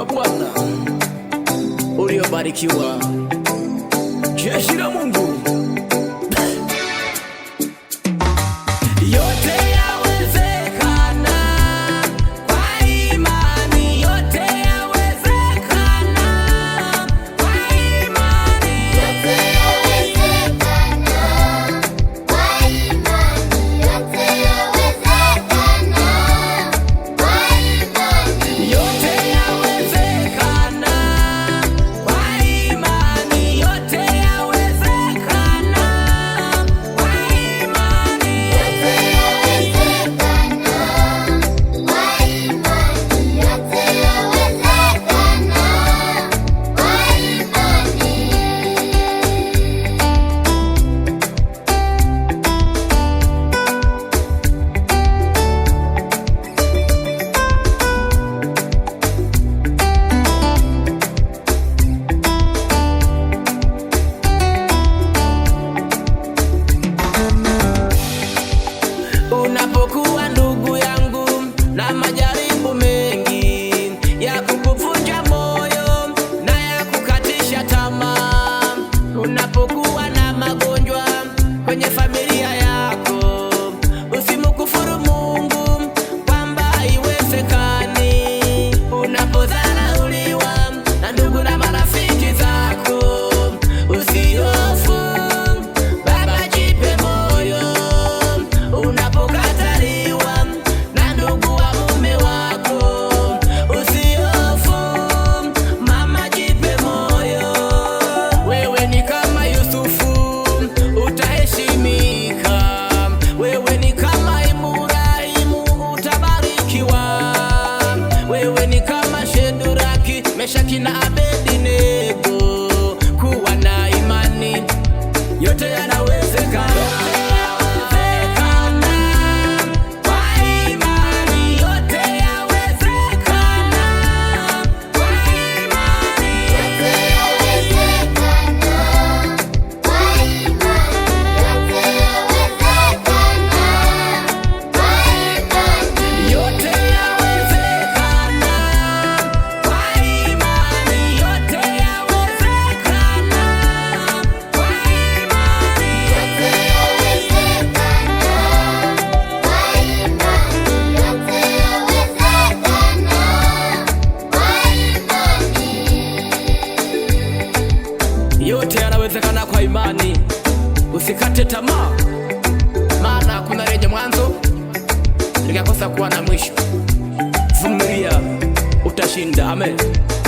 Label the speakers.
Speaker 1: wa Bwana uliobarikiwa, jeshi la Mungu shaking out inawezekana kwa imani. Usikate tamaa, maana kuna reje mwanzo likakosa kuwa na mwisho. Vumilia, utashinda. Amen.